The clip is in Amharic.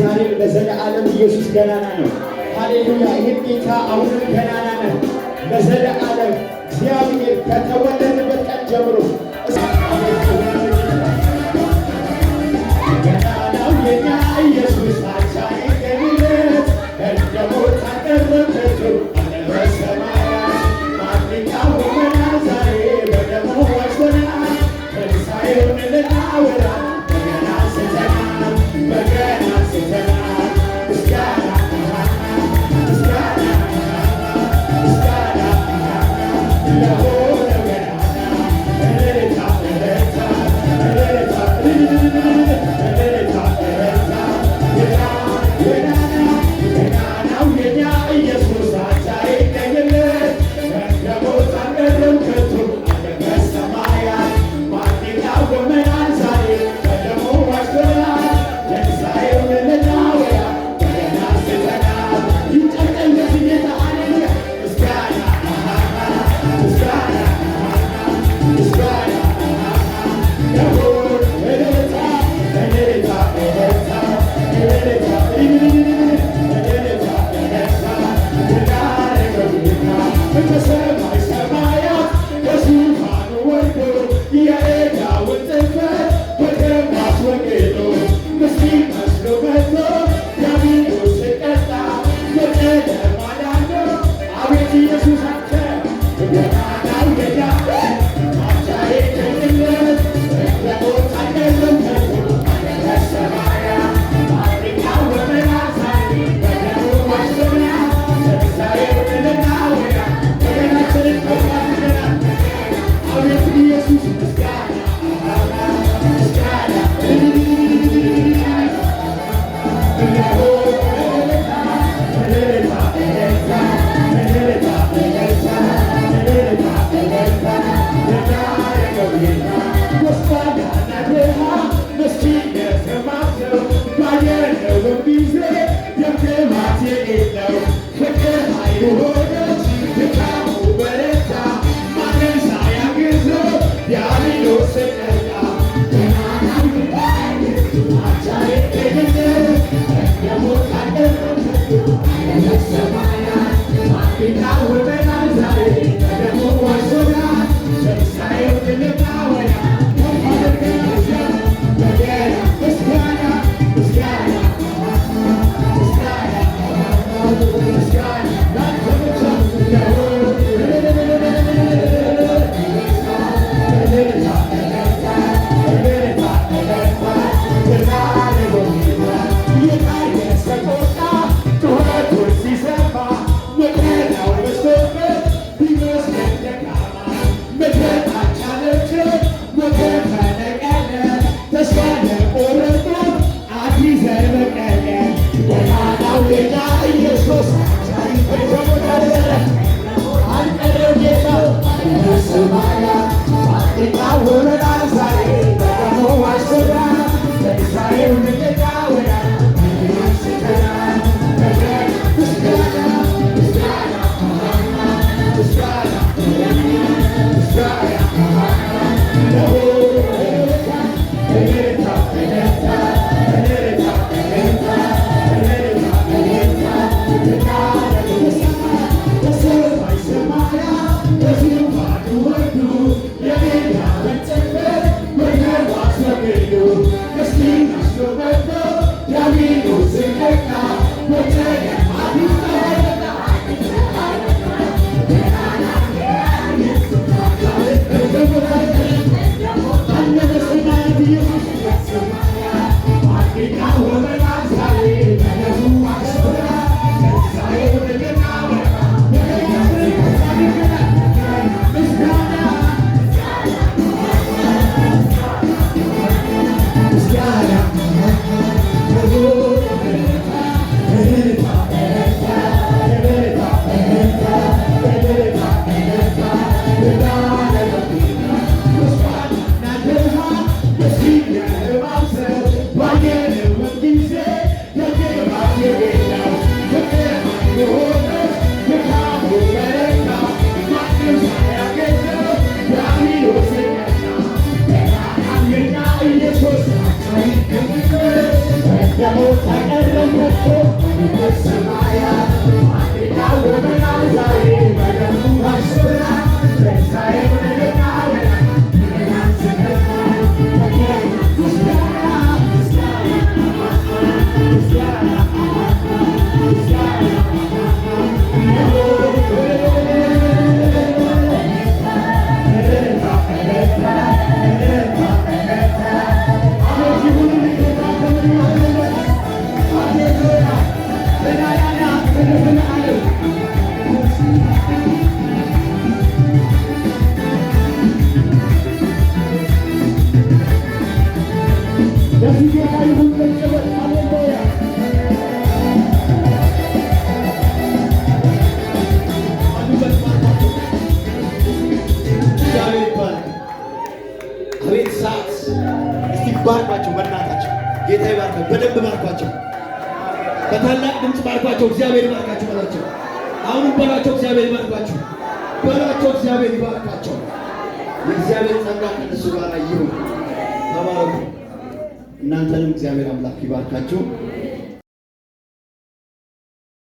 እግዚአብሔር ለዘለዓለም ኢየሱስ ገናና ነው። ሃሌሉያ! ይህም ጌታ አሁንም ገናና ነው ለዘለዓለም። እግዚአብሔር ከተወለደበት ቀን ጀምሮ ኢየሱስ Be make it አቤት ሰዓት እስቲ ባርኳቸው፣ በእናታቸው ጌታ ይባርካቸው። በደንብ ባርኳቸው፣ በታላቅ ድምፅ ባርኳቸው። እግዚአብሔር ይባርካቸው በላቸው። አሁንም በሏቸው፣ እግዚአብሔር ይባርካቸው በሏቸው። እግዚአብሔር ይባርካቸው። የእግዚአብሔር ጸጋ ከእነሱ ጋር ይሁን። ተባረኩ። እናንተንም እግዚአብሔር አምላክ ይባርካችሁ።